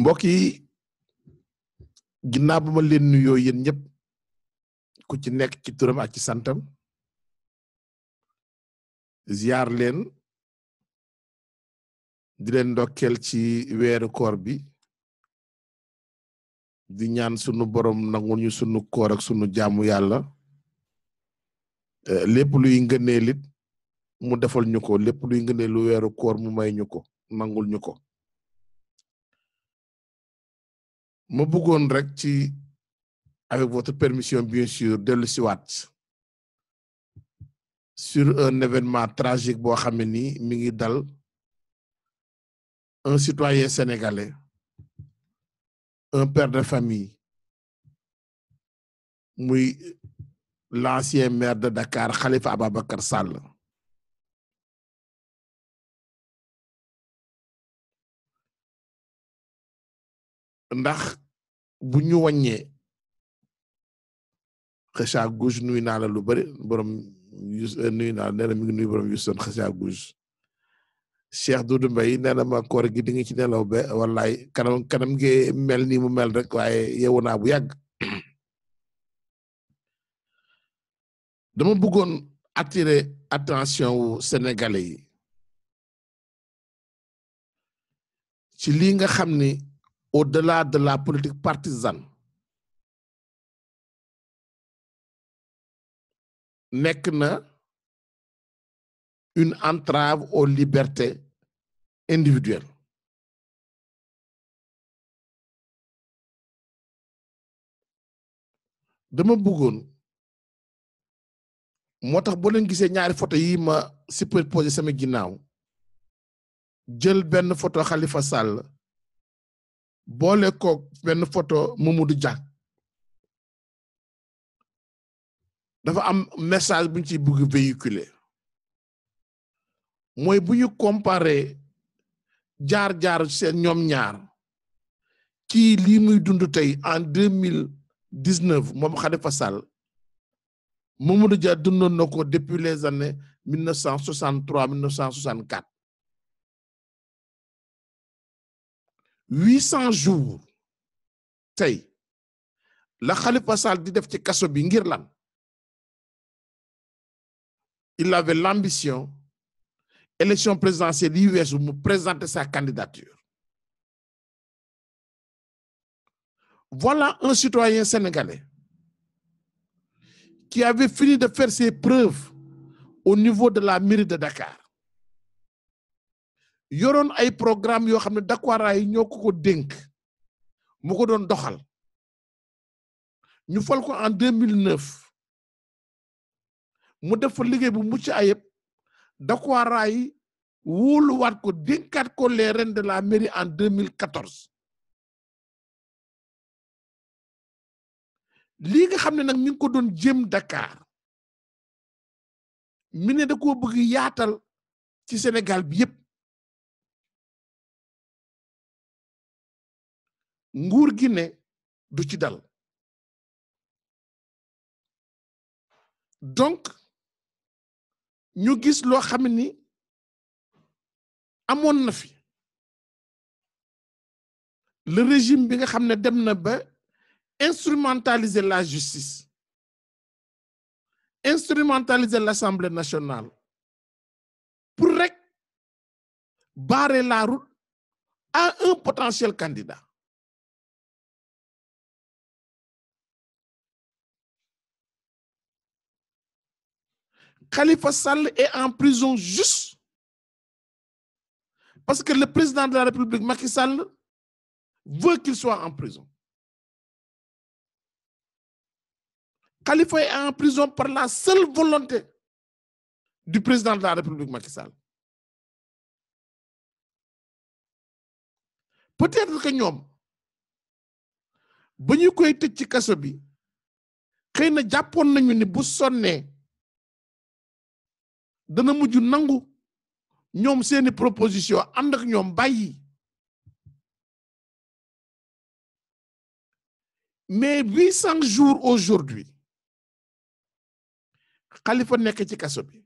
mbokk yi ginnaaw ba ma leen nuyoo yéen ñëpp ku ci nekk ci turam ak ci santam ziar leen di leen ndokkeel ci weeru koor bi di ñaan sunu borom nangu ñu sunu koor ak sunu jaamu yàlla eh, lépp luy ngëneel it mu defal ñu ko lépp luy ngëneel lu weeru koor mu may ñu ko nangul ñu ko. ma bëggoon rek ci avec votre permission bien sûr dellu siwaat sur un événement tragique boo xam ne ni mi ngi dal un citoyen sénégalais un père de famille muy l'ancien maire de Dakar Khalifa Ababacar Sall ndax bu ñu wàññee xëcc à gauche nuyu naa la lu bari borom yus euh, nuyu naa nee na mi ngi nuyu borom Houston xëcc Cheikh Doudou Mbaye nee na ma koor gi di nga ci nelaw be wallaay kanam kanam gi mel nii mu rek waaye yeewu naa bu yàgg dama bëggoon attirer attention wu sénégalais ci lii nga xam ni. au-delà de politique partisane nekk na une entrave aux libertés individuelles dama bëggoon moo tax boo leen gisee ñaari photo yi ma superposé sama ginnaaw jël benn photo Khalifa Sall boole koog benn photo Mamadou Dia dafa am message bu ci ciy bëgg véhiculer mooy bu ñu comparer jaar-jaar seen ñoom ñaar kii lii muy dund tey en deux mille dix-neuf moom Khalifa Sall Mamadou Dia dundoon na ko depuis les années mille neuf cent soixante-trois mille neuf cent soixante-quatre huit cent jours tey la Khalifa Sall di def ci kaso bi ngir lan il avait l'ambition élection présidentielle yi weesu mu présenter sa candidature voilà un citoyen sénégalais qui avait fini de faire ses preuves au niveau de la mairie de Dakar yoroon ay programme yoo xam ne Dakwara yi ñoo ko ko dénk mu ko doon doxal ñu fal ko en 2009 mu def fa liggéey bu mucc ayib Dakwara yi wóoluwaat ko dénkaat ko les rênes de la mairie en 2014 lii nga xam ne nag ñu ngi ko doon jëm Dakar mi ne da koo bëgg yaatal ci Sénégal bi yépp nguur gi ne du ci dal donc ñu gis loo xam ni amoon na fi le régime bi nga xam ne dem na ba instrumentaliser la justice instrumentaliser l'Assemblée nationale pour rek bare la route à un potentiel candidat Khalifa Sall est en prison juste parce que le président de la République, Macky veut qu'il soit en prison. Khalifa est en prison par la seule volonté du président de la République, Macky Peut-être que ñoom ba ñu koy tëj ci kaso bi xëy na jàppoon nañu ni bu sonnee dana mujj nangu ñoom seeni proposition ànd ak ñoom bàyyi mais huit cent jours aujourd'hui Khalifa nekk ci kaso bi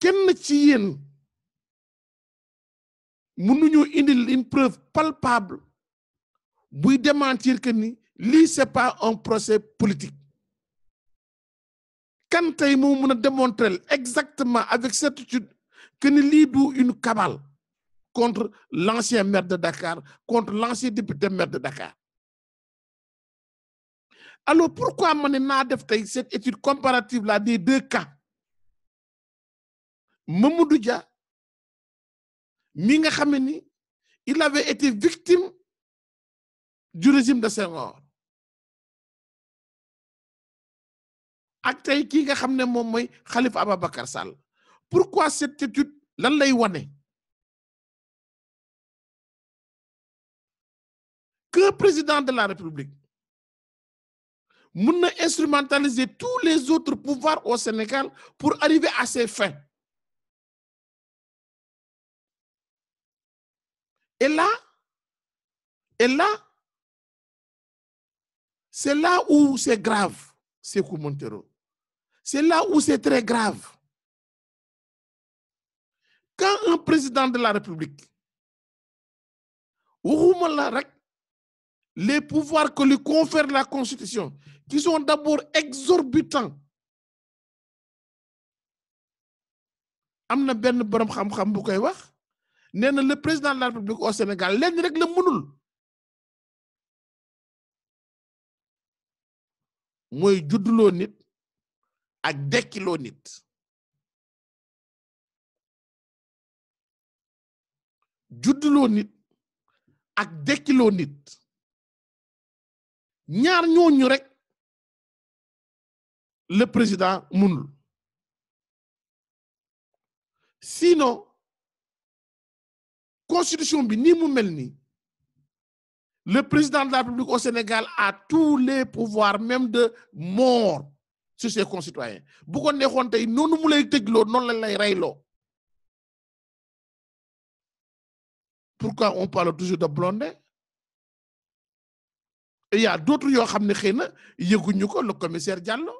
kenn ci yéen mënuñu indil une preuve palpable buy démentir que li lii c'est pas un procès politique kan tey moo mën a démontrer exactement avec certitude que ni lii du une cabale contre l'ancien maire de Dakar contre l'ancien député maire de Dakar alors pourquoi ma ne naa def tey cette étude comparative là des deux cas Mamadou Dia mi nga xam ne ni il avait été victime du de Senghor ak tey kii nga xam ne moom mooy Khalifa Ababacar Sall pourquoi cette étude lan lay wane que président de la République mun na instrumentaliser tous les autres pouvoirs au Sénégal pour arriver à ses fins et là et là c'est là où c'est grave Sékou Montero C'est là où c'est très grave. Quand un président de la République waxuma rek les pouvoirs que lui confère la Constitution qui sont d'abord exorbitants am na benn boroom xam-xam bu koy wax nee na le président de la République au Sénégal lenn rek la mënul mooy judduloo nit ak dekkiloo nit judduloo nit ak dekkiloo nit ñaar ñooñu rek le président munul sinon constitution bi ni mu mel nii le président de la République au Sénégal a tous les pouvoirs même de mort sur ses concitoyens bu ko neexoon tey noonu mu lay tëgloo noonu lañ lay reyloo pourquoi on parle toujours de Blondin il y a d'autres xam ne xëy na yëguñu ko le commissaire Diallo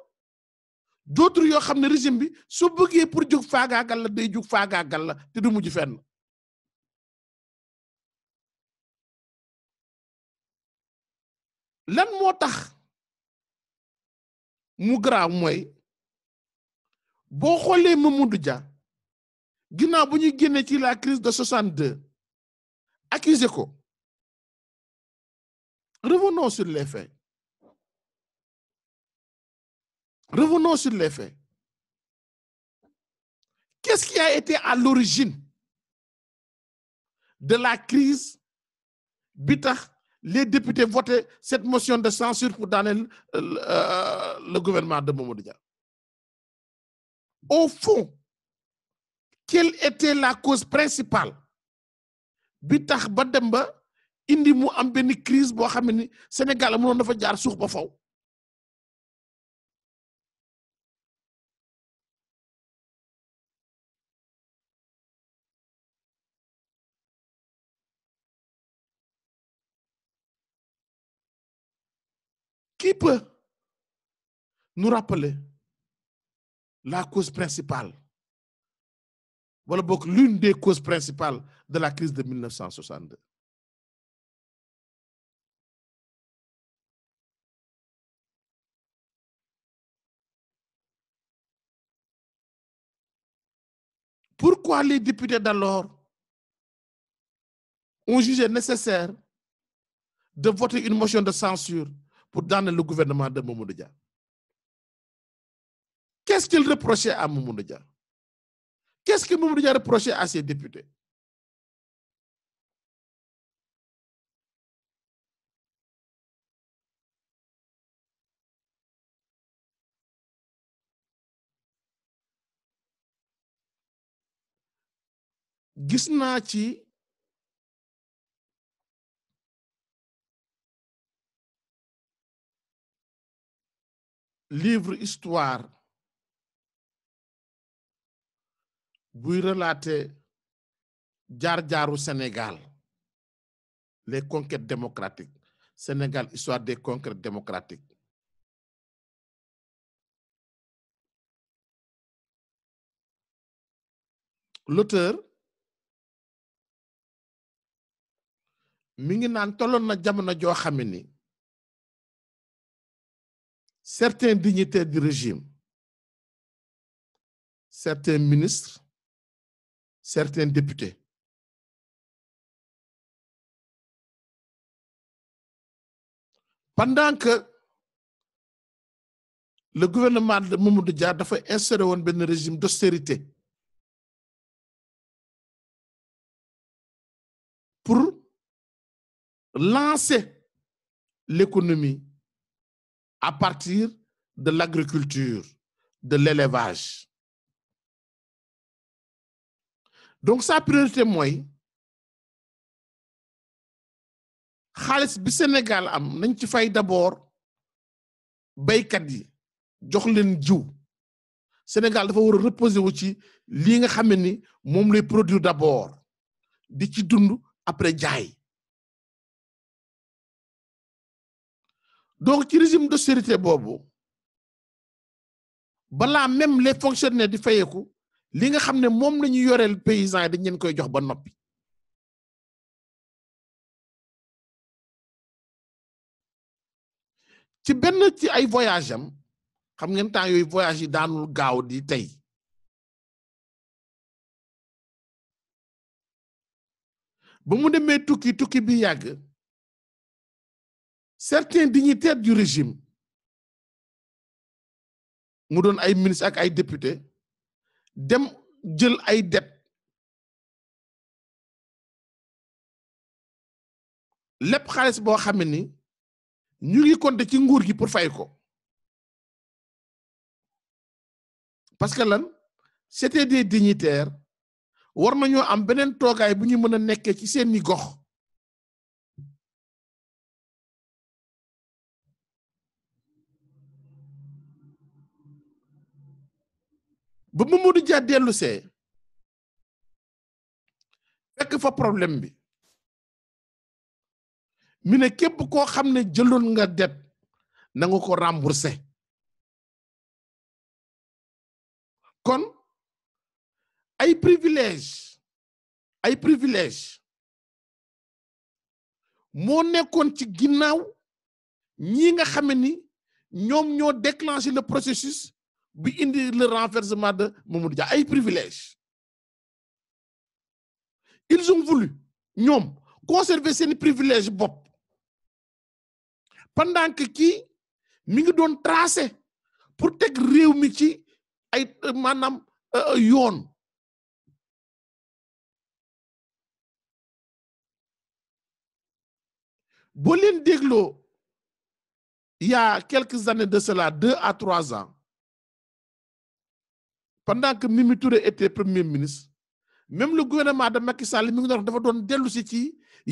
d'autres yoo xam ne régime bi su bëggee pour jug faagaagal la day jug faagaagal la te du mujj lan moo tax. mu garaaw mooy boo xoolee Mamadou Dia ginnaaw bu ñu génnee ci la crise de 62 accusé ko revenons sur les qui a été à l'origine de la crise les députés votaient cette motion de censure pour daaneel euh, euh, le gouvernement de Mamadou Dia. Au fond, quelle était la cause principale bi tax ba dem ba indi mu am benn crise boo xam ne Sénégal mënoon dafa jaar suux ba faw peut nous rappeler la cause principale wala boog l'une des causes principales de la crise de 1962. Pourquoi les députés d'alors ont jugé nécessaire de voter une motion de censure pour daaneel le gouvernement de Mamadou Dia qu'est-ce qu'il reprochait à Mamadou Dia qu'est-ce que Mamadou Dia reprochait à ses députés gis naa ci livre histoire buy relater jaar-jaaru Sénégal les conquêtes démocratiques Sénégal histoire des conquêtes démocratiques l'auteur mi ngi naan tolloon na jamono joo xam ni certains dignitaires du régime certains ministres certains députés pendant que le gouvernement de Mamadou Dia dafa instauré woon benn régime d'austérité pour lancer l'économie à partir de l'agriculture, de l'élevage. donc sa priorité mooy xaalis bi Sénégal am nañ ci fay d'abord baykat yi jox leen jiw Sénégal dafa war a reposer wu ci lii nga xam ne ni moom lay produire d'abord di ci dund après jaay donc ci régime d'austérité boobu bala même les fonctionnaires di fayeku li nga xam ne moom la ñu yoreel paysans yi dañ leen koy jox ba noppi ci benn ci ay voyage am xam ngeen temps yooyu voyage yi daanul gaaw di tey ba mu demee tukki tukki bi yàgg certains dignitaires du régime mu doon ay ministre ak ay député dem jël ay det lépp xaalis boo xam ni ñu ngi compter ci nguur gi pour fay ko parce que lan c'était des dignitaires war nañoo am beneen toogaay bu ñu mën a nekkee ci seeni gox ba Mamadou Dia dellu dellusee fekk fa problème bi mi ne képp koo xam ne jëloon nga det nanga ko remboursé kon ay privilège ay privilège moo nekkoon ci ginnaaw ñi nga xam ni ñoom ñoo déclenché le processus bi indi le renversement de Mamadou Dia ay privilèges ils ont voulu ñoom conserver seen privilège bopp pendant que kii mi ngi doon tracer pour teg réew mi ci ay euh, maanaam euh, yoon boo leen dégloo il y a quelques années de cela deux à trois ans pendant mi mi tur était premier ministre même lu gouvernement de Macky Sall mi ngi doon dafa doon dellu si ci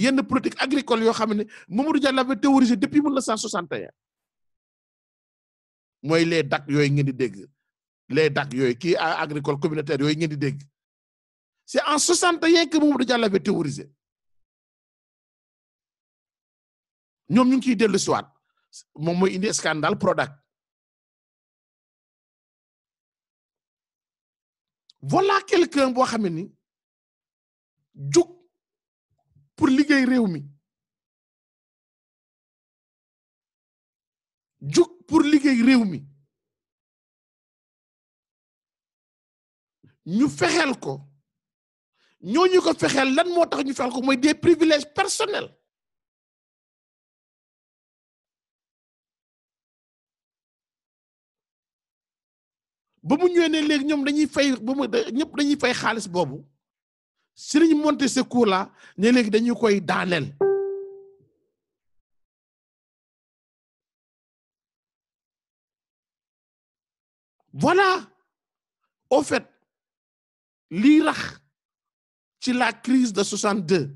yenn politique agricole yoo xam ne Mamadou Dia l'avait théorisé depuis 1961 mooy les DAC yooyu ngeen di dégg les DAC yooyu kii agricole communautaire yooyu ngeen di dégg c'est en 61 que Mamadou Dia l'avait théorisé ñoom ñu ngi ciy dellu si moom mooy indi scandale Prodac. voilà quelqu'un boo xam ni jug pour liggéey réew mi jug pour liggéey réew mi ñu fexeel ko ñooñu ko fexeel lan moo tax ñu fexeel ko mooy des privilèges personnels ba mu ñëwee ne léegi ñoom dañuy fay ba mu ñëpp dañuy fay xaalis boobu Serigne Monte Secou la ne léegi dañu koy daaneel. voilà au fait lii rax ci la crise de 62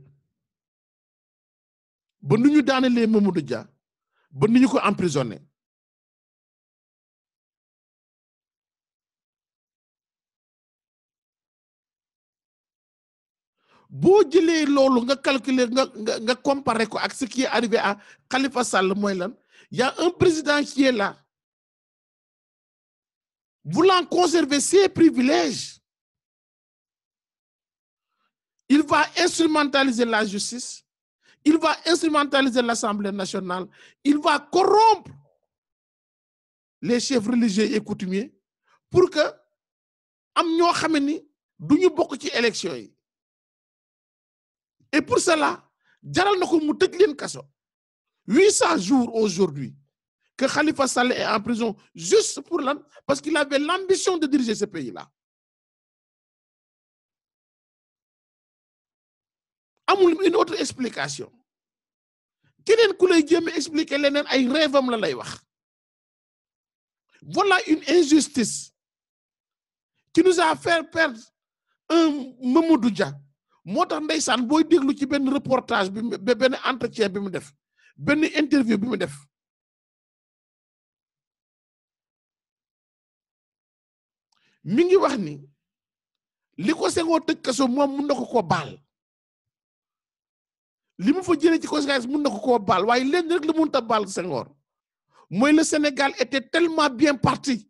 ba nu ñu daanelee Mamadou Dia ba nu ñu ko emprisonné. boo jëlee loolu nga calculer nga nga nga comparer ko ak ce qui à Khalifa Sall mooy lan un président qui est là voulant conserver ses privilèges il va instrumentaliser la justice il va instrumentaliser l'Assemblée nationale il va corrompre les chefs religieux et coutumiers pour que am ñoo xam ni du ñu bokk ci élection yi et pour cela jaral na ko mu tëj leen kaso huit cents jours aujourd'hui que Khalifa Sall est en prison juste pour lan parce qu'il avait l'ambition de diriger ce pays-là amul une autre explication keneen ku lay jéem a expliquer leneen ay rêve la lay wax voilà une injustice qui nous a fait perdre un Mamadou Dia moo tax ndeysaan booy déglu ci benn reportage bi mu benn entretien bi mu def benn interview bi mu def mi ngi wax ni li ko Senghor tëj kaso moom mun na ko koo baal li mu fa jëlee ci conséquence mun na ko koo baal waaye lenn rek la mënut a baal Senghor mooy le Sénégal était tellement bien parti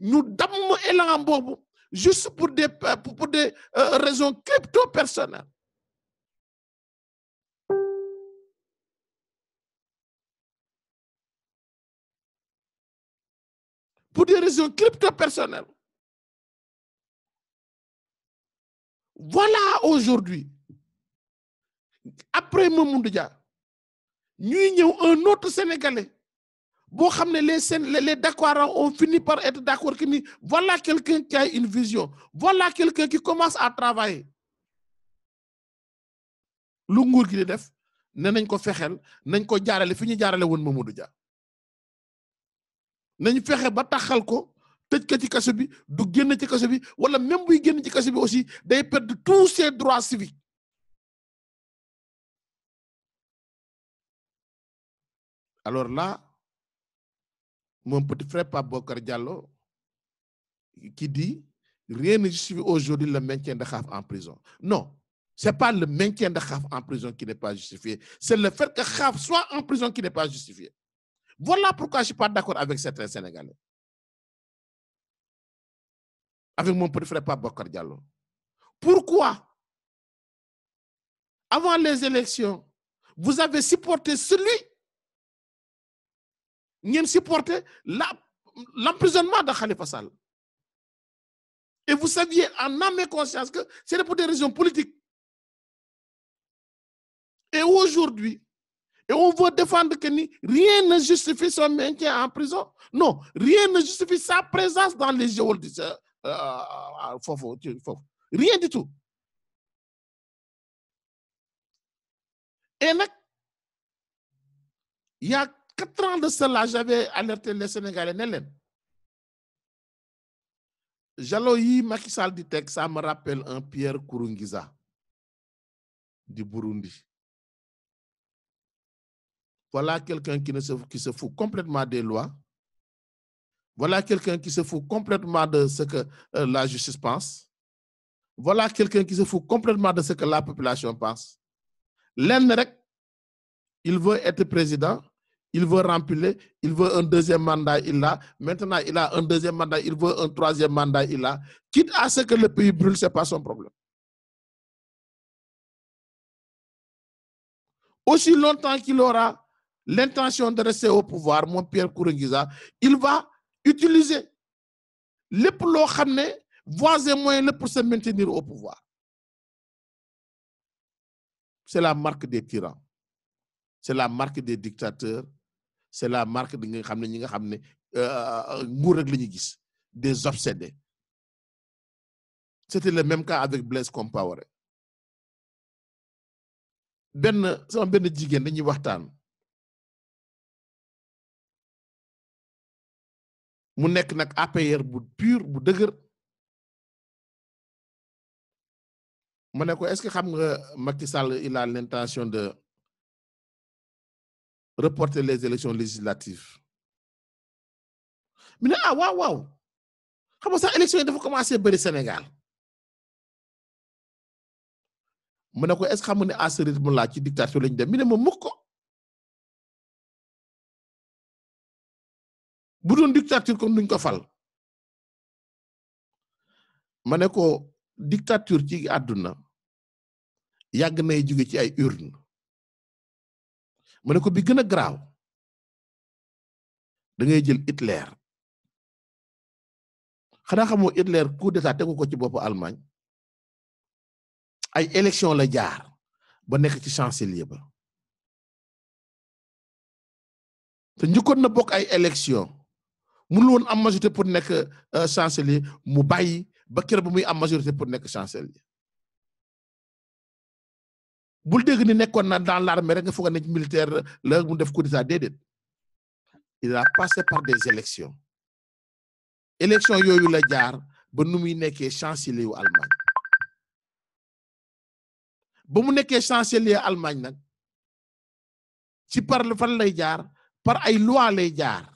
ñu damm élan boobu. juste pour des euh, pour des euh, raisons crypto-personnelles. Voilà aujourd'hui, après Mamoudou Dia, ñuy ñëw un autre Sénégalais boo xam ne les seen les Dakarans ont fini par être d'accord que ni voilà quelqu'un qui a une vision voilà quelqu'un qui commence à travailler lu nguur gi di def ne nañ ko fexeel nañ ko jaarale fi ñu jaarale woon Mamadou Dia nañ fexe ba taxal ko tëj ko ci kaso bi du génn ci kaso bi wala même buy génn ci kaso bi aussi day perdre tous ses droits civiques alors là mon petit frère Pape Bokar Diallo qui dit rien ne justifie aujourd'hui le maintien de Khaf en prison non c'est pas le maintien de Khaf en prison qui n'est pas justifié c'est le fait que Khaf soit en prison qui n'est pas justifié voilà pourquoi je suis pas d'accord avec certains Sénégalais avec mon petit frère Pape Bokar Diallo pourquoi avant les élections vous avez supporté celui ngeen supporter l'emprisonnement de Khalifa Sall et vous saviez en âme et conscience que c'était pour des raisons politiques et aujourd'hui et on veut défendre que ni rien ne justifie son maintien en prison non rien ne justifie sa présence dans les geôles du foofu foofu rien du tout et nag yaa quatre ans de cela j'avais alerté les Sénégalais ne leen jalo yi Macky Sall di teg ça me rappelle un Pierre Nkurunziza du Burundi voilà quelqu'un qui se qui complètement des lois euh, voilà quelqu'un qui se fout complètement de ce que la population pense lenn rek il veut être président il veut remplir il veut un deuxième mandat il l'a maintenant il a un deuxième mandat il veut un troisième mandat il l'a quitte à ce que le pays brûle c'est pas son problème aussi longtemps qu'il aura l'intention de rester au pouvoir moom Pierre Kourouguisa il va utiliser lépp loo xam ne voies et moyens la pour se maintenir au pouvoir c'est la marque des tyrans c'est la marque des dictateurs c'est la marque di nga xam ne ñi nga xam ne euh, euh, euh, nguur rek la ñuy gis des obsédés c'était le même cas avec Blaise Compaoré benn sama benn jigéen dañuy waxtaan mu nekk nag APR bu pur bu dëgër ma ne ko est-ce que xam nga Macky Sall il de reporter les élections législatives mu ne ah waaw waaw sax élection yi commencé bari Sénégal mu ne ko est-ce que xam nga ne à ce rythme là ci dictature lañu dem mu ne ma mukk ko bu doon dictature kon duñ ko fal ma ne ko dictature ci àdduna yàgg nay jóge ci ay urne ma ne ko bi gën a garaaw da ngay jël Hitler xanaa xamoo Hitler coup d'état ko ci boppu Allemagne ay élection la jaar ba nekk ci chancelier ba te njëkkoon na bokk ay élection mënul woon am majorité pour nekk euh, chancelier mu bàyyi ba kër ba muy am majorité pour nekk chancelier bul dégg ni nekkoon na dans l'armée rek nga foog ne ci militaire la mu def coup d'état déedéet il a passé par des élections élections yooyu la jaar ba nu muy nekkee chancelier wu Allemagne ba mu nekkee chancelier Allemagne nag ci par fan lay jaar par ay loi lay jaar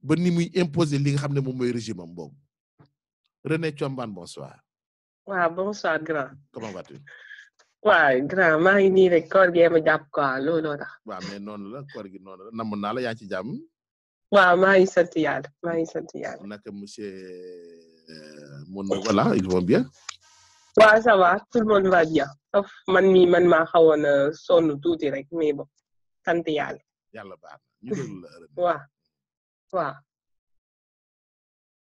ba ni muy imposer li nga xam ne moom mooy régime am boobu René Thiombane bonsoir. waaw bonsoir grand. waaw grand maa ngi nii rek koor gi ma jàpp quoi looloo tax. waaw mais noonu la koor gi la namoon naa la yaa ci jàmm. waaw maa ngi sant yàlla maa ngi sant yàlla. naka monsieur mon voilà ils vont man mii man maa xawoon sonn tuuti rek mais bon sant yàlla. yàlla baax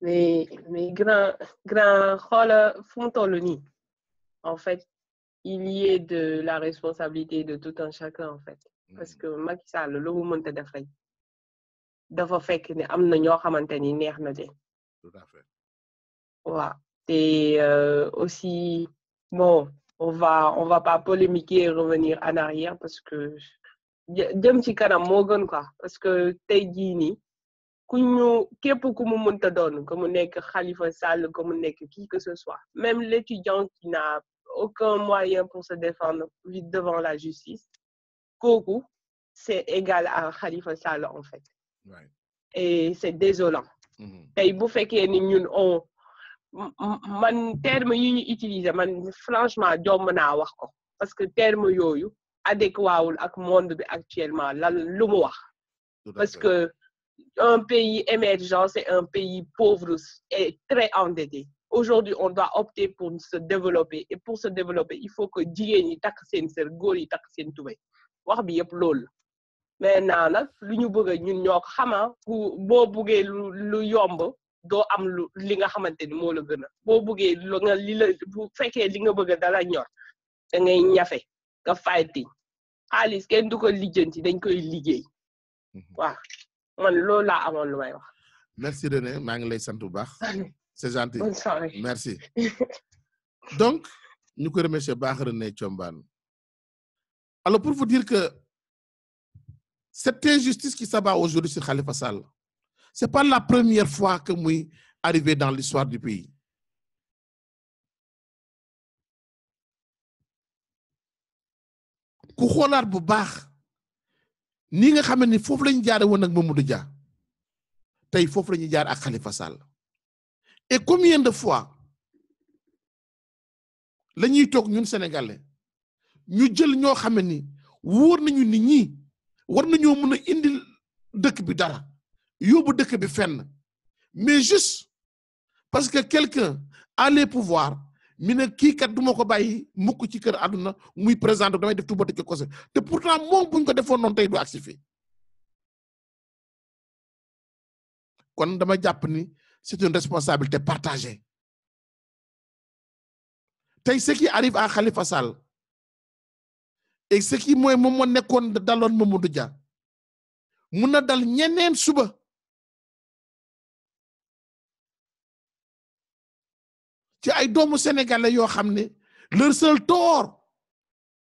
na grand grand xoola fu mu toll en fait. il y de la responsabilité de tout un chacun en fait mm. parce que Macky Sall lu mu mënta def rek dafa fekk ne am na ñoo xamante ni neex na de. tout à fait. waaw te euh, aussi bon on va on va pas polémiquer revenir en arrière parce que jëm ci kanam moo gën quoi parce que tey jii nii ku ñu képp ku mu mënta doon que mu nekk Khalifa Sall que mu nekk qui que ce soit même l'étudiant qui n'a aucun moyen pour se défendre devant la justice kooku c'est égal à Khalifa Sall en fait right. et c'est désolant mm-hmm. tey bu fekkee ni ñun on oh, man terme yu utiliser man franchement jomb naa wax ko parce que terme yooyu adéquat wul ak monde bi actuellement lan lu mu wax parce que un pays émergent c'est un pays pauvre et très endetté aujourd'hui on doit opter pour se développer pour se développer il faut que jigéen yi takk seen sër góor yi takk seen tubéy wax bi yëpp loolu maintenant nag lu ñu bëgg ñun ñoo ko xama ah. boo buggee yomb doo am lu li nga xamante ni moo la gën a boo buggee lu nga li la bu fekkee li nga bëgg dala ñor da ngay ñafe nga fighting xaalis kenn du ko lijjanti dañ koy liggéey mhm. waaw man loolu laa amoon lu may wax merci René maa ngi lay sant bu baax c'est gentil merci donc ñu koy remercier baax René Thiombane alors pour vous dire que cette injustice qui s'abat aujourd'hui sur Khalifa c'est pas la première fois que muy arrivé dans l'histoire du pays ku xoolaat bu baax ni nga xam ne foofu lañu jaare woon ak Mamadou Dia tey foofu lañu jaar ak Khalifa Sall et combien de fois la ñuy toog ñun sénégalais ñu jël ñoo xam ni wóor nañu nit ñi war nañoo mën a indi dëkk bi dara yóbbu dëkk bi fenn mais juste parce que quelqu'un a les pouvoirs mi ne kii kat du ma ko bàyyi mukk ci kër àdduna muy présenté damay def tubaab di ko te pourtant moom buñ ko defoon noonu tey du agsi fii kon dama jàpp ni. c'est une responsabilité partagée tey ce qui arrive à Khalifa Sall et ce qui mooy moom moo nekkoon daloon Dia mun na dal ñeneen suba ci ay doomu sénégalais yoo xam ne leur seul tort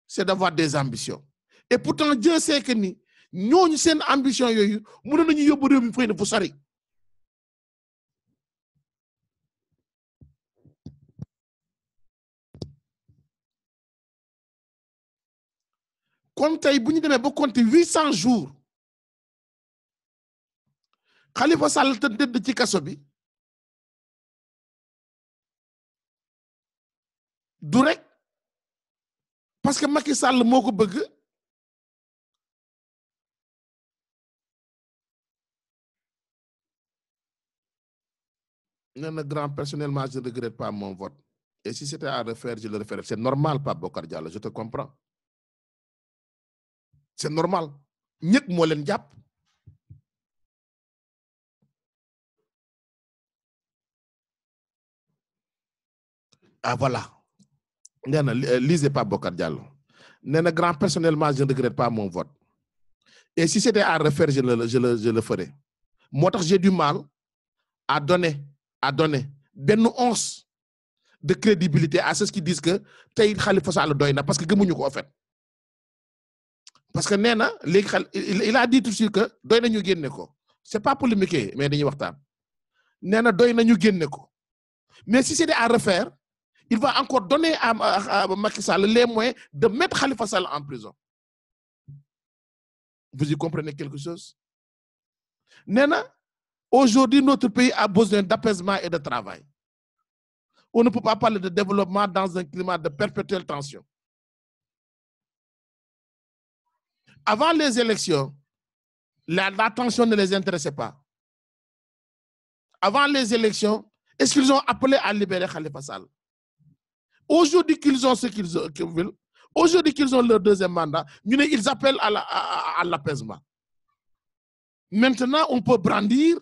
c'est d'avoir des ambitions et pourtant Dieu sait que ni ñooñu seen ambition yooyu mënoon nañu yóbbu réew mi na fu sori kon tey bu ñu demee ba compter huit cent jours Khalifa Sall te dëdd ci kaso bi du rek parce que Macky Sall moo ko bëgg nee na grand personnellement je ne regrette pas mon vote et si c'était à refaire je le referais c'est normal Pape Bokar Diallo je te comprends c'est normal ñëg moo leen jàpp ah voilà nee na euh, lisez Pape Bokar Diallo nee na grand personnellement je ne regrette pas mon vote et si c'était à refaire je le je le je le moo tax j'ai du mal à donner à donner benn once de crédibilité à ceux qui disent que tey Khalifa Sall doy na parce que gëmuñu ko en fait parce que nee na léegi xal il a que doy nañu génne ko c'est pas polémique mais dañuy waxtaan nee na doy nañu génne ko mais si c'est à refaire il va encore donner à, à, les moyens de mettre Khalifa Sall en prison vous y comprenez quelque chose nee na aujourd'hui notre pays a besoin d'apaisement et de travail on ne peut pas parler de développement dans un climat de perpétuelle tension Avant les élections, l'attention la ne les intéressait pas. Avant les élections, est-ce qu'ils ont appelé à libérer Khalifa Sall? Aujourd'hui qu'ils ont ce qu'ils ont qu'ils aujourd'hui qu'ils ont leur deuxième mandat, ñu ne ils appellent à la, à, l'apaisement. Maintenant, on peut brandir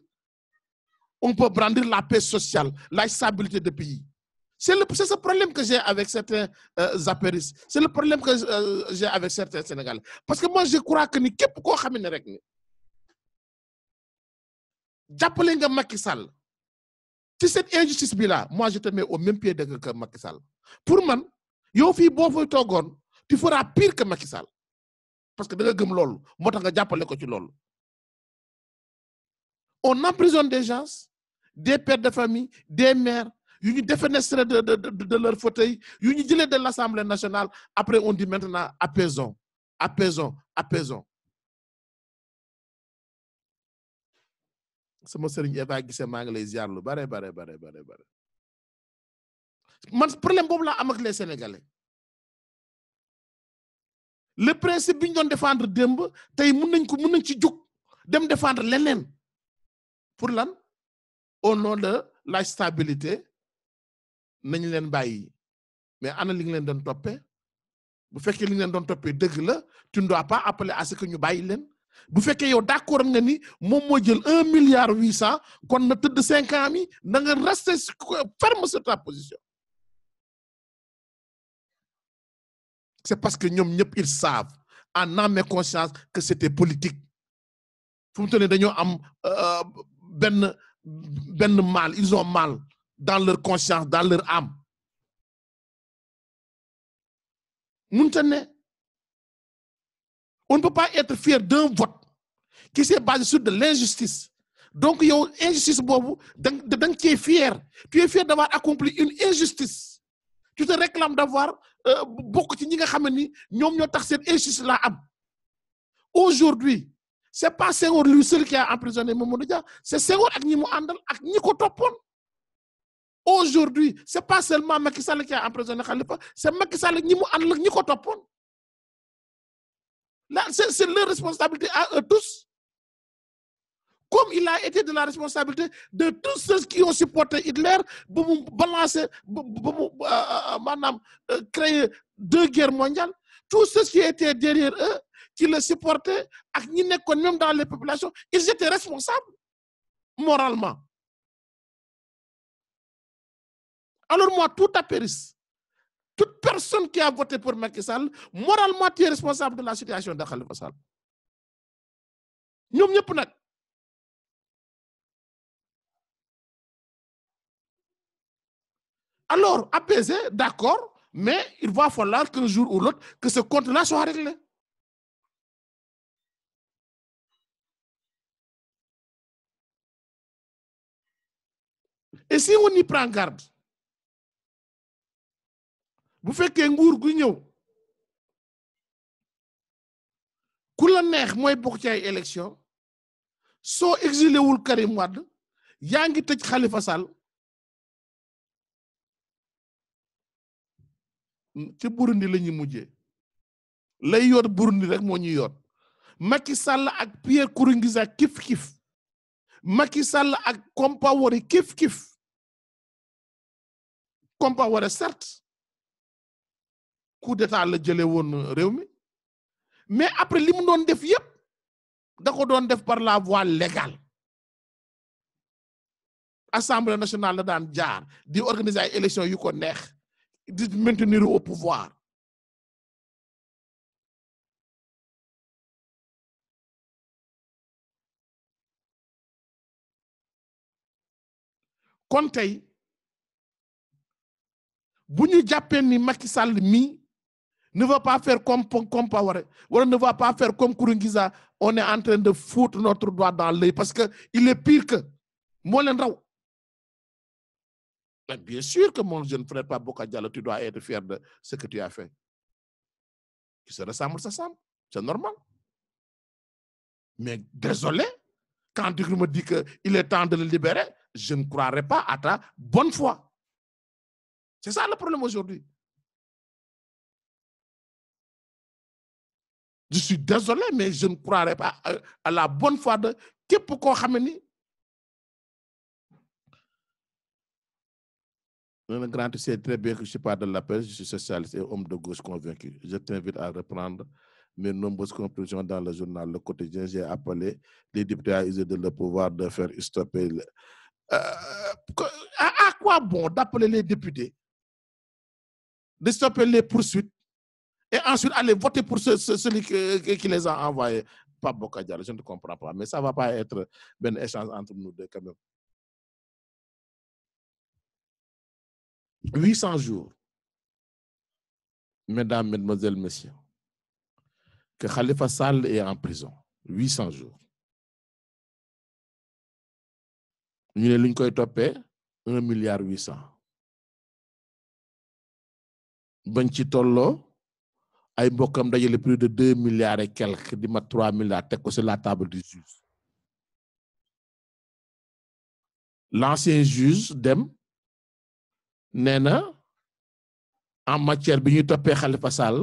on peut brandir la paix sociale, la stabilité du pays. C'est le c'est ce problème que j'ai avec certains euh, c'est le problème que euh, j'ai avec certains Sénégalais parce que moi je crois que ni képp koo xam ne rek ni jàppale nga Macky Sall ci cette injustice bi là moi je te mets au même pied d'égalité que Sall pour man yow fii boo fay toogoon tu feras pire que Macky parce que da nga gëm loolu moo tax nga jàppale ko ci loolu on emprisonne des gens des pères de famille des mères yu ñu défenestré de de leur fauteuil yu ñu jëlee de l'Assemblée nationale après on dit maintenant apaisons apaisons apaisons sama sëriñ Eva gisee maa ngi lay ziar lu bare bare bare man problème boobu laa am ak les Sénégalais le principe bi ñu doon défendre démb tey mën nañ ko mën nañ ci jóg dem défendre leneen pour lan au nom de la stabilité nañu leen bàyyi mais ana li nga leen doon toppe bu fekkee li leen doon toppee dëgg la tu ne dois pas appeler à que ñu bàyyi leen bu fekkee yow d'accord nga ni moom moo jël un milliard huit cent kon na tëdd cinq ans mi na nga rester ferme sur ta position. c'est parce que ñoom ñëpp ils savent en âme et conscience que c'était politique fu mu toll dañoo am euh, benn benn mal ils ont mal. dans leur conscience dans leur âme mënta ne on ne peut pas être fier d'un vote qui s'est basé sur de l'injustice donc yow injustice boobu da nga da nga cee fier tu es fier d'avoir accompli une injustice tu te réclames d'avoir euh, bokk ci ñi nga xam ni ñoom ñoo tax seen injustice la am aujourd'hui c'est pas Senghor lui seul qui a emprisonné Mamadou Dia c'est Senghor ak ñi mu àndal ak ñi ko toppoon aujourd'hui c'est pas seulement Macky Sall qui a emprisonné Khalifa c'est Macky Sall ñi mu ànd ak ñi ko toppoon c'est c'est leur responsabilité à eux tous comme il a été de la responsabilité de tous ceux qui ont supporté Hitler ba mu balancer ba mu euh, euh, maanaam euh, créer deux guerres mondiales tous ceux qui étaient derrière eux qui le supportaient ak ñi nekkoon même dans les populations ils étaient responsables moralement Alors moi, tout apérisse, toute personne qui a voté pour Macky Sall, moralement, tu responsable de la situation de alors apaisé d'accord mais il va falloir qu'un jour ou l'autre que ce compte-là soit réglé et si on y prend garde bu fekkee nguur gu ñëw ku la neex mooy bokk ci ay élection soo exilé wul Karim Wade yaa ngi tëj Khalifa Sall ci Burundi la ñuy mujjee lay yoot Burundi rek moo ñuy yoot Macky Sall ak Pierre kif kif Macky Sall ak Compaoré kif kif Compaoré certes coup d'état la jëlee woon réew mais après li doon def yépp da doon def par la voie légale assemblée nationale la daan jaar di organiser ay élections neex di maintenir au pouvoir kon tey bu ñu jàppee ni Macky Sall mi ne va pas faire comme Compaoré wala ne va pas faire comme Kourouguissa on est en de foutre notre doigt dans l'œil parce que il est pire que moo leen raw bien sûr que mon jeune frère Pape Bokar Diallo tu dois être fier de ce que tu as fait qui se ressemble s'assemble c'est normal mais désolé quand tu me dis que il est temps de le libérer je ne croirai pas à bonne foi c'est ça le problème aujourd'hui je suis désolé mais je ne croirais pas euh, à la bonne foi de képp koo xam ne ni un grand tu sais très bien que je suis pas de l'appel je suis socialiste et homme de gauche convaincu je t'invite à reprendre mes nombreuses conclusions dans le journal Le Quotidien j'ai appelé les députés à user de le pouvoir de faire stopper le... euh, quoi bon d'appeler les députés de les poursuites et ensuite aller voter pour ce, ce, celui qui, qui les a envoyés. Pape Boka Diallo, je ne comprends pas, mais ça va pas être benn échange entre nous deux quand même. 800 jours, mesdames, mesdemoiselles, messieurs, que Khalifa Sall est en prison. 800 jours. ñu koy toppee un milliard huit cent. bañ ci tolloo. ay mbokkam dajale plus de deux milliards et quelque di mat trois milliards teg ko sur la table du juge l'ancien dem nee na en matière bi ñuy toppee Khalifa Sall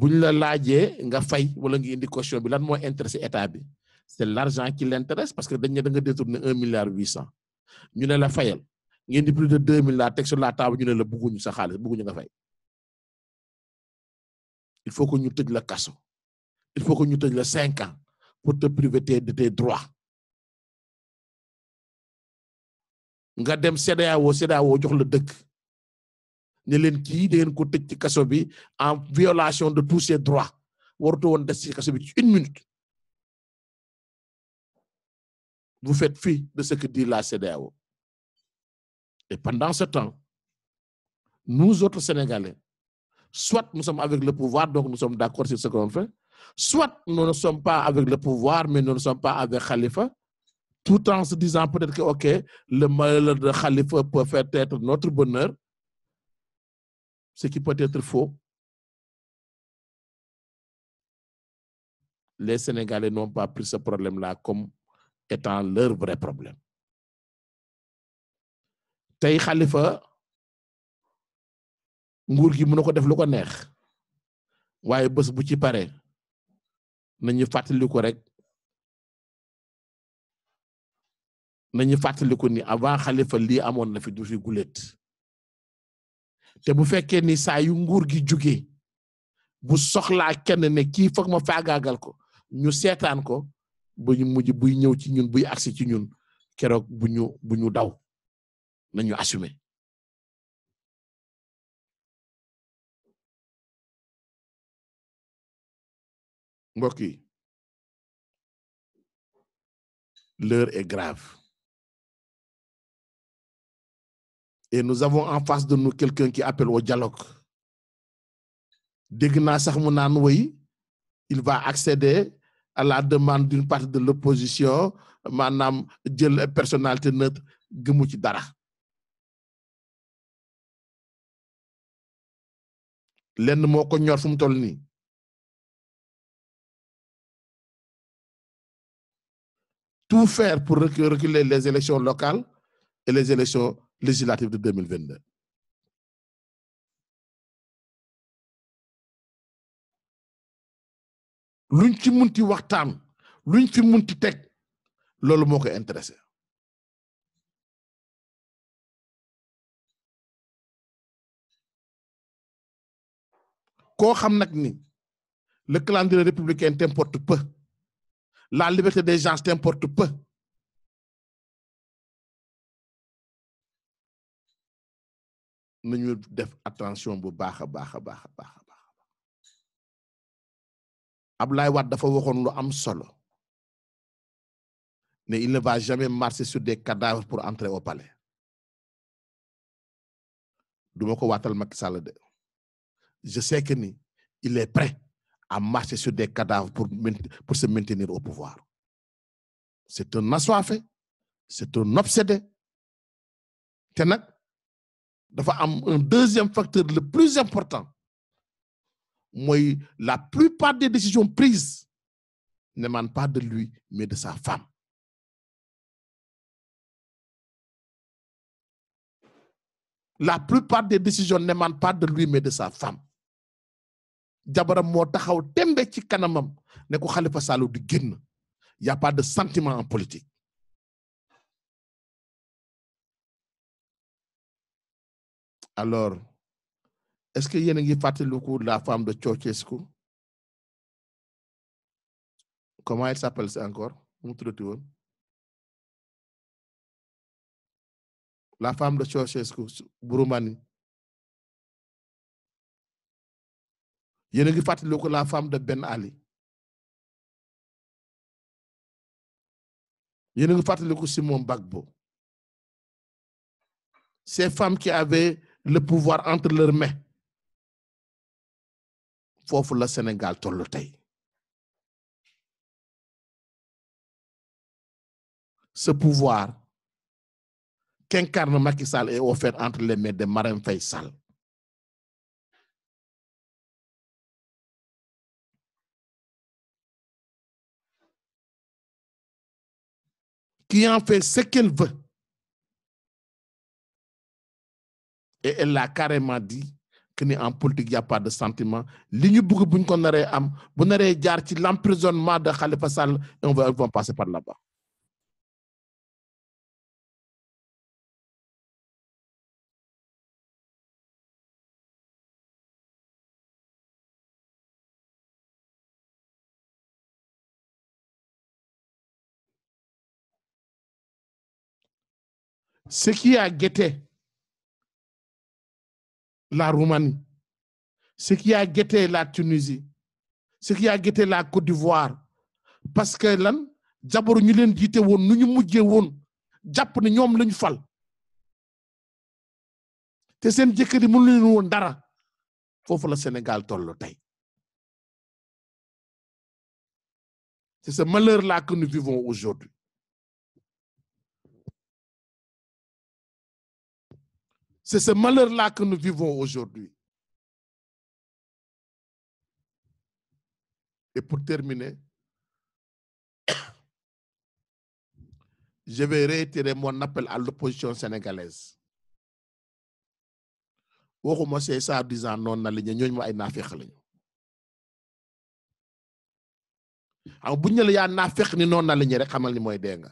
buñ la laajee nga fay wala nga indi caution bi lan moo intéressé état bi c'est l'argent qui l'intéresse parce que dañ ne da un milliard huit cent ñu ne la fayal ngeen di plus de deux milliards teg sur la table ñu ne la bëgguñu sa xaalis bëgguñu nga fay il faut que ñu tëj la il faut que ñu tëj cinq ans pour te priver de tes droits nga dem CEDEAO CEDEAO jox la dëkk ne leen kii da ngeen ko tëj ci kaso bi en violation de tous ses droits waratu woon des ci kaso bi une minute vous faites fi de ce que dit la CEDEAO et pendant ce temps nous autres Sénégalais soit nous sommes avec le pouvoir donc nous sommes d'accord sur ce qu'on nous sommes pas avec le pouvoir mais nous sommes pas avec Khalifa tout en se disant peut-être que ok le malheur de Khalifa peut faire être notre bonheur ce qui peut être faux les Sénégalais n'ont pas pris ce problème-là comme étant leur vrai problème tey Khalifa nguur gi mën na ko def lu ko neex waaye bés bu ci pare nañu fàttaliku rek nañu fàttaliku ni avant xalifa lii amoon na fi du fi gulet te bu fekkee ni saa nguur gi jóge bu soxlaa kenn ne kii foog ma faagaagal ko ñu seetaan ko bu ñu mujj buy ñëw ci ñun buy agsi ci ñun keroog bu ñu bu ñu daw nañu assumer mbokki yi l'heure est grave et nous avons en face de nous quelqu'un qui appelle au dialogue dégg naa sax mu naan woy il va accéder à la demande d'une partie de l'opposition maanaam jël personnalité neutre gëmu ci dara lenn moo ko ñor fu mu toll nii tout faire pour reculer les élections locales et les élections législatives de 2022. luñ ci munti waxtaan luñ ci munti teg ko intéressé koo xam nag ni le calendrier républicain t'importe peu la liberté des gens t'importe peu. nañu def attention bu baax a baax a baax a baax a baax Abdoulaye Wade dafa waxoon lu am solo ne il ne va jamais marcher sur des cadavres pour entrer au palais duma ko waatal Macky Sall de je sais ni il est prêt à marché sur des cadavres pour pour se maintenir au pouvoir c'est un assoiffé c'est un obsédé te nag dafa am un deuxième facteur le plus important mooy la plupart des décisions prises n'émanent pas de lui mais de sa femme la plupart des décisions n'émanent pas de lui mais de sa femme jabaram moo taxaw tembe ci kanamam ne ko Khalifa Sall du génn y a pas de sentiment en politique alors est-ce que yéen a ngi fàttaliku la femme de Ceausescu comment elle s'appelle c'est encore mu tuddati la femme de Ceausescu bu Roumanie yéen a ngi fàttaliku la femme de Ben Ali yéen a ngi fàttaliku Simon Gbagbo ces femmes qui avaient le pouvoir entre leurs mains foofu la Sénégal tollu tey ce pouvoir qu'incarne Macky Sall est offert entre les mains de Marème Faye Sall qui en fait ce qu'elle veut. Et elle a en politique y de sentiment li ñu bëgg bu ko naree am bu naree jaar ci l'emprisonnement de Khalifa Sall on va on va passer par là ce qui a guetté la Roumanie, ce qui la Tunisie, ce qui la Côte d'Ivoire parce que lan jaboro ñu leen jiite woon nu ñu mujjee woon jàpp ne ñoom lañu fal te seen jëkkër yi mënu woon dara foofu la Sénégal tollu tey c'est ce malheur là que nous vivons aujourd'hui C'est ce malheur-là que nous vivons aujourd'hui. Et pour terminer, je vais réitérer mon appel à l'opposition sénégalaise. waxuma CSA disant noonu na la ñu ñooñu ma ay naafeq lañu xam buñ ne la yaa naafeq ni noonu na la ñu rek xamal ni mooy dégg nga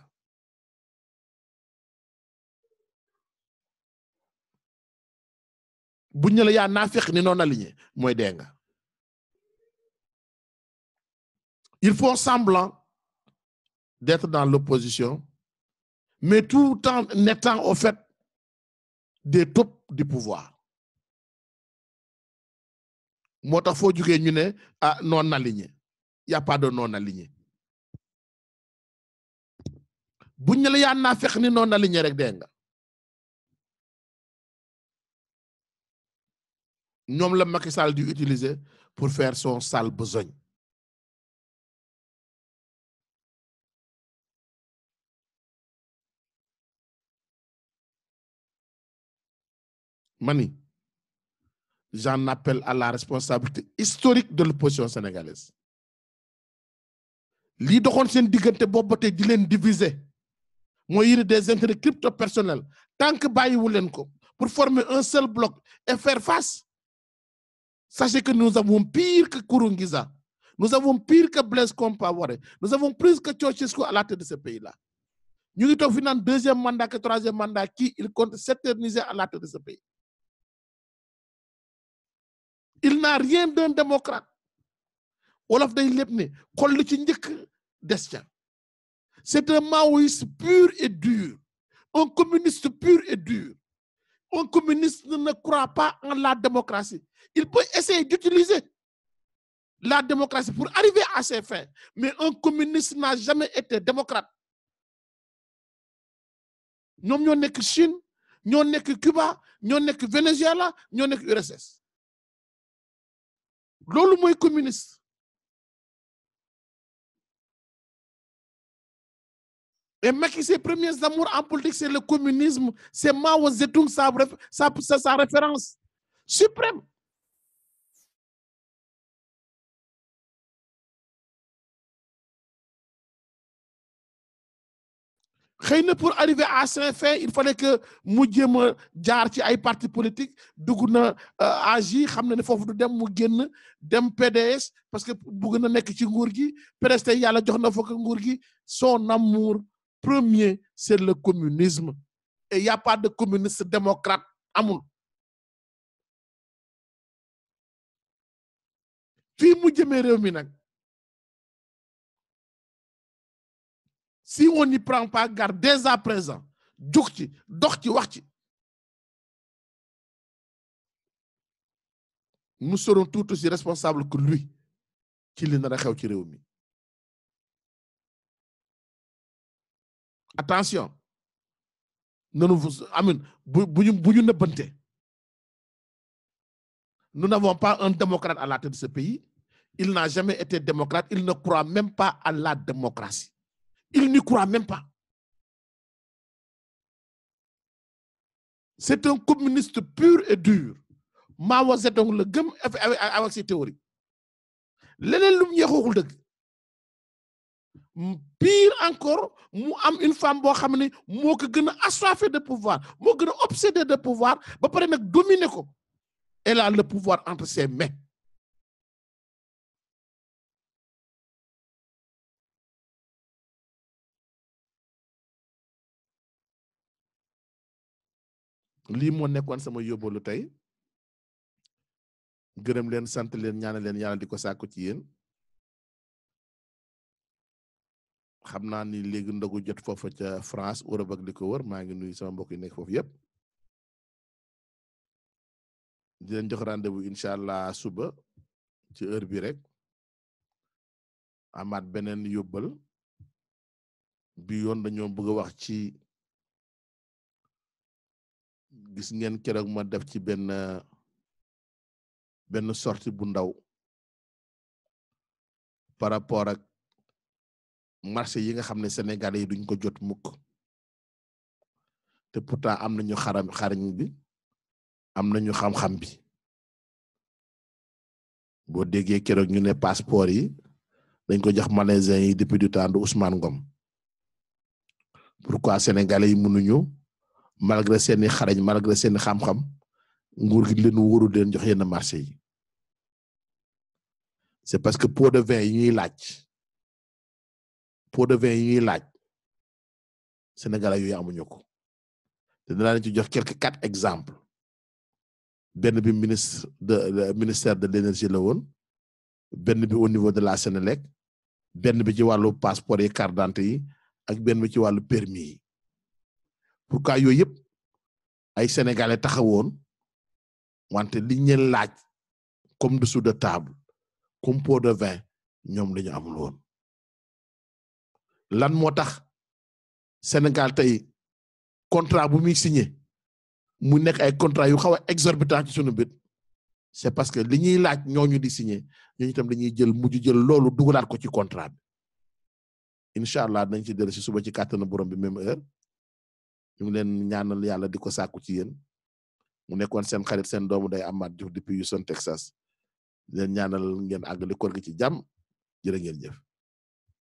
buñ ne la yaa naafiq ni noon aligné mooy dee nga ils font semblant d'être dans l'opposition mais tout en étant au fait des taupes du pouvoir moo tax foo jugee ñu ne ah non aligné y a pas de non aligné buñ ne la yaa naafiq ni noon aligné rek dee nga ñoom la Macky Sall du utiliser pour faire son sale besogne mani j'en appelle à la responsabilité historique de l'opposition sénégalaise lii doxoon seen diggante boobu ba tey di leen diviser mooy yiri des intérêts crypto personnels tant que leen ko pour former un seul bloc et faire face Sachez que nous avons pire que Kurungiza. Nous avons pire que Blaise Compaoré. Nous avons plus que Ceausescu à la tête de ce pays ñu ngi toog fi naan deuxième mandat que troisième mandat kii il compte s'éterniser à la tête de ce pays. il n'a rien d'un démocrate. wolof day lépp ne xol li ci njëkk des ca. c'est un maoïste pur et dur. un communiste pur et dur. un communiste ne croit pas en la démocratie. Il peut essayer d'utiliser la démocratie pour arriver à ses fins, mais un communiste n'a jamais été démocrate. ñoom ñoo nekk Chine ñoo nekk Cuba ñoo nekk Venezuela ñoo nekk URSS loolu mooy communiste. Et Macky, ses premiers amours en politique, c'est le communisme, c'est Mao Zedong, sa, sa, référence suprême. xëy na pour arriver à ses fins il fallait que mu jéem a jaar ci ay parti politique dugg na euh, AJ xam na ne foofu du dem mu génn dem PDS parce que bugg na nekk ci nguur gi PDS tey yàlla jox na foog nguur gi son amour premier c'est le communisme et il pas de communiste démocrate amul fi mu jëmee réew mi nag si on n'y prend pas garde dès présent jóg ci dox ci wax ci nous serons tout aussi responsables que lui ci li nar a xew ci réew mi attention nanu amin bu bu ñu nëbbante nous n'avons pas un démocrate à la tête de ce pays il n'a jamais été démocrate il ne croit même pas à la démocratie il n'y croit même pas c'est un communiste pur et dur Mao Zedong la gëm avec ses théories leneen lu mu ñeexul dëgg pire encore mu am in femme boo xam ne moo ko gën a assoiffé de pouvoir moo gën a obsédé de pouvoir ba pare nag dominer ko elle a pouvoir entre ses mains lii moo nekkoon sama yóbbalu tey gërëm leen sant leen ñaanal leen yàlla di ko sàkku ci yéen xam naa ni léegi ndogu jot foofa ca France Europe ak ko wër maa ngi nuyu sama mbokk yi nekk foofu yëpp di leen incha allah suba ci heure bi rek amaat beneen yóbbal bi yoon dañoo bëgg a wax ci gis ngeen keroog ma def ci benn benn sortie bu ndaw par rapport marché yi nga xam ne Sénégalais yi duñ ko jot mukk te pourtant am nañu xaram xarañ bi am nañu xam-xam bi boo déggee keroog ñu ne passeport yi dañ ko jox malaisiens yi depuis du temps de Ousmane Ngom pourquoi Sénégalais yi mënuñu malgré seeni xarañ malgré seeni xam-xam nguur gi leen wóoru leen jox yenn marché yi c'est parce que pot de vin yi ñuy laaj pot de vin yi ñuy laaj sénégalais yooyu amuñu ko te dinaa ci jox quelques quatre exemple benn bi ministre de ministère de l'énergie la woon benn bi au niveau de la Sénélec benn bi ci wàllu passeport yi carte yi ak benn bi ci wàllu permis yi pourquoi yooyu yëpp ay sénégalais taxawoon wante liñ leen laaj comme dessous de table comme pot de vin ñoom dañu amul woon lan moo tax Sénégal tey contrat bu muy signé mu nekk ay contrat yu xaw a exorbitant ci sunu bit c'est parce que li ñuy laaj ñooñu di signé ñooñu itam dañuy jël mujj jël loolu dugalaat ko ci contrat bi incha allah dañ ci dellu si suba ci kàttanu borom bi même heure ñu ngi leen ñaanal yàlla di ko sàkku ci yéen mu nekkoon seen xarit seen doomu day amaat Diouf depuis Houston Texas leen ñaanal ngeen àggali koor gi ci jàmm jërë ngeen jëf.